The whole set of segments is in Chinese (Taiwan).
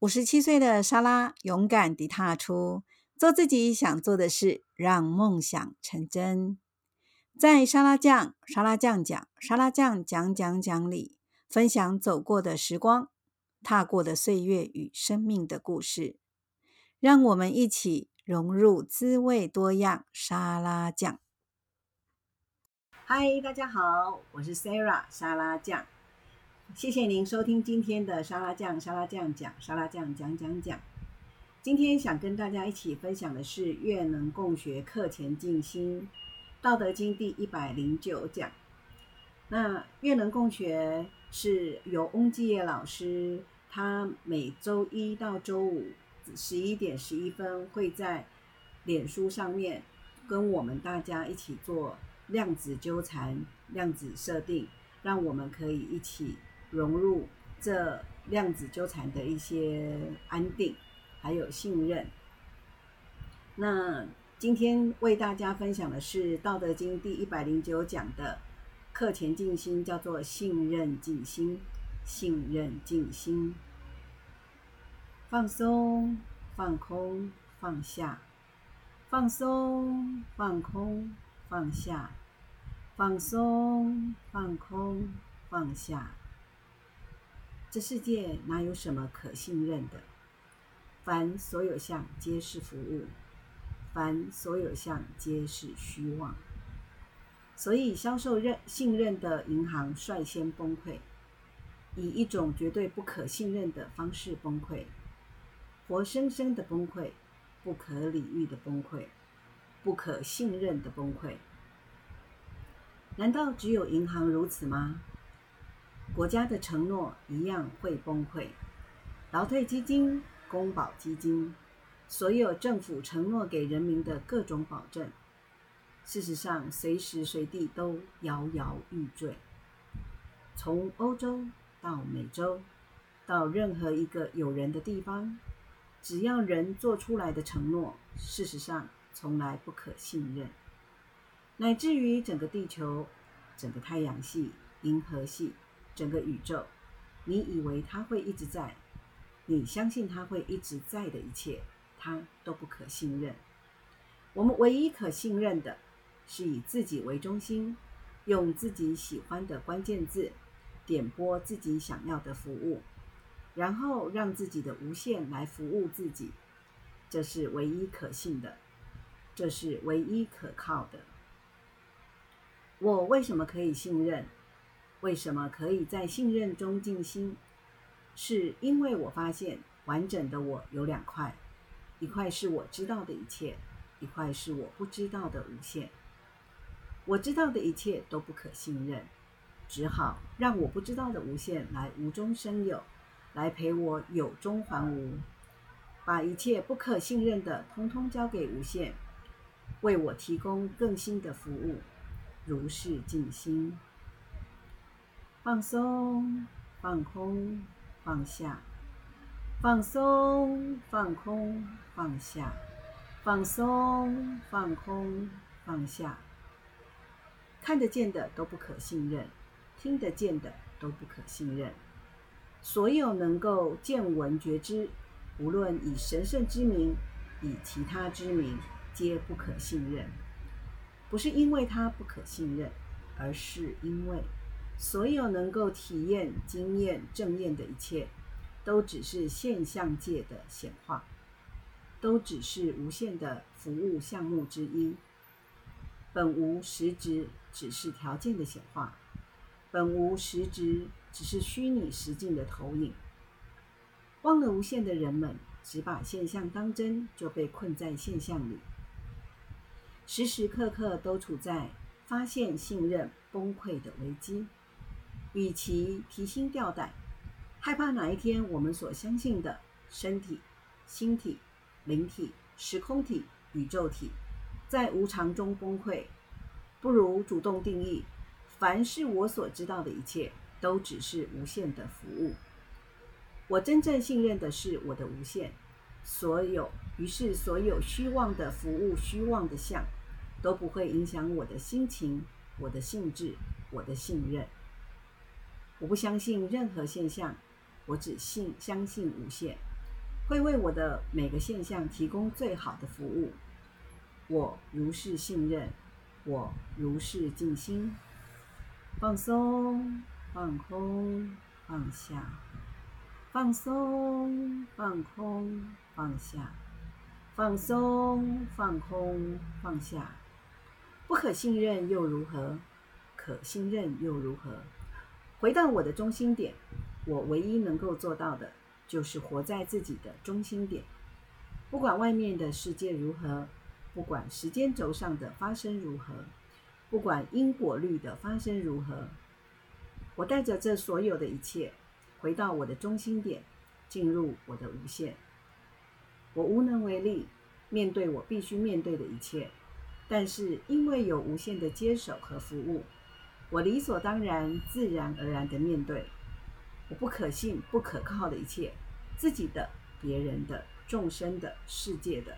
五十七歲的莎拉勇敢地踏出，做自己想做的事，讓夢想成真。在沙拉醬、沙拉醬講、沙拉醬講講講，講裡，分享走過的時光、踏過的歲月與生命的故事。讓我們一起融入滋味多樣沙拉醬。嗨，大家好，我是 Sarah 沙拉醬。謝謝您收聽今天的沙拉醬，沙拉醬講沙拉醬講講講。今天想跟大家一起分享的是悅能共學課前靜心《道德經》第一百零九講。那悅能共學是由翁繈業老師，他每周一到周五十一點十一分會在臉書上面跟我們大家一起做量子糾纏、量子設定，讓我們可以一起。融入這量子糾纏的一些安定，還有信任。那今天為大家分享的是《道德經》第一百零九講的課前靜心，叫做信任“信任靜心”。信任靜心，放鬆，放空，放下；放鬆，放空，放下；放鬆，放空，放下。放這世界哪有什麼可信任的？凡所有相，皆是服務；凡所有相，皆是虛妄。所以，銷售信任的銀行率先崩潰，以一種絕對不可信任的方式崩潰，活生生的崩潰，不可理喻的崩潰，不可信任的崩潰。難道只有銀行如此嗎？國家的承諾一樣會崩潰，勞退基金、公保基金，所有政府承諾給人民的各種保證，事實上隨時隨地都搖搖欲墜。從歐洲到美洲，到任何一個有人的地方，只要人做出來的承諾，事實上從來不可信任，乃至於整個地球、整個太陽系、銀河系。整個宇宙，你以為他會一直在，你相信他會一直在的一切，他都不可信任。我們唯一可信任的是以自己為中心，用自己喜歡的關鍵字點播自己想要的服務，然後讓自己的無限來服務自己。這是唯一可信的，這是唯一可靠的。我為什麼可以信任？為什麼可以在信任中靜心？是因為我發現完整的我有兩塊，一塊是我知道的一切，一塊是我不知道的無限。我知道的一切都不可信任，只好讓我不知道的無限來無中生有，來陪我有中還無，把一切不可信任的通通交給無限，為我提供更新的服務。如是靜心。放鬆，放空，放下；放鬆，放空，放下；放鬆，放空，放下。看得見的都不可信任，聽得見的都不可信任。所有能夠見聞覺知，無論以神聖之名，以其他之名，皆不可信任。不是因為他不可信任，而是因為。所有能夠體驗、經驗、正念的一切，都只是現象界的顯化，都只是無限的服務項目之一，本無實質只是條件的顯化，本無實質只是虛擬實境的投影。忘了無限的人們，只把現象當真，就被困在現象裡，時時刻刻都處在發現、信任、崩潰的危機。與其提心吊膽，害怕哪一天我們所相信的身體、心體、靈體、時空體、宇宙體在無常中崩潰，不如主動定義：凡是我所知道的一切，都只是無限的服務。我真正信任的是我的無限，所有，於是所有虛妄的服務、虛妄的相，都不會影響我的心情、我的性質、我的信任。我不相信任何現象，我只信相信無限，會為我的每個現象提供最好的服務。我如是信任，我如是靜心，放鬆，放空，放下，放鬆，放空，放下，放鬆，放空，放下。不可信任又如何？可信任又如何？回到我的中心點，我唯一能夠做到的，就是活在自己的中心點。不管外面的世界如何，不管時間軸上的發生如何，不管因果律的發生如何，我帶着這所有的一切，回到我的中心點，進入我的無限。我無能為力面對我必須面對的一切，但是因為有無限的接手和服務。我理所當然、自然而然的面對我不可信、不可靠的一切，自己的、別人的、眾生的、世界的，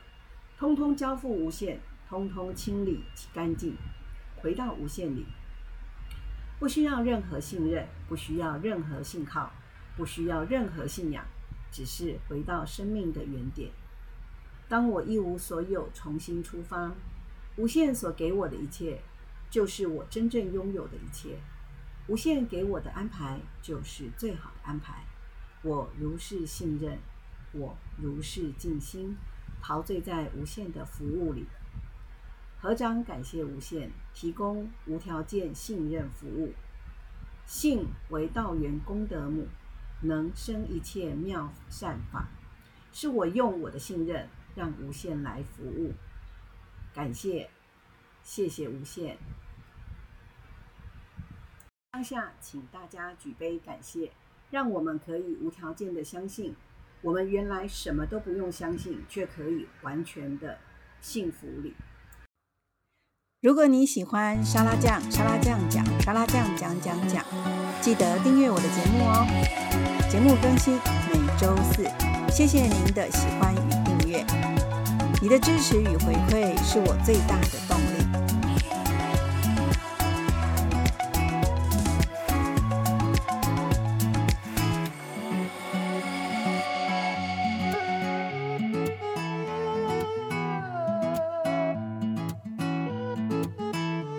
通通交付無限，通通清理乾淨，回到無限裡，不需要任何信任，不需要任何信靠，不需要任何信仰，只是回到生命的原點。當我一無所有，重新出發，無限所給我的一切。就是我真正擁有的一切。無限給我的安排就是最好的安排。我如是信任，我如是靜心，陶醉在無限的服務裡。合掌感謝無限提供無條件信任服務。信為道源功德母，能生一切妙善法。是我用我的信任讓無限來服務。感謝。謝謝無限。當下，請大家舉杯感謝，讓我們可以無條件的相信，我們原來什麼都不用相信，卻可以完全的幸福。如果你喜歡沙拉醬，沙拉醬醬沙拉醬沙拉醬，記得訂閱我的節目哦。節目更新每周四。謝謝您的喜歡與訂閱，你的支持與回饋是我最大的動力。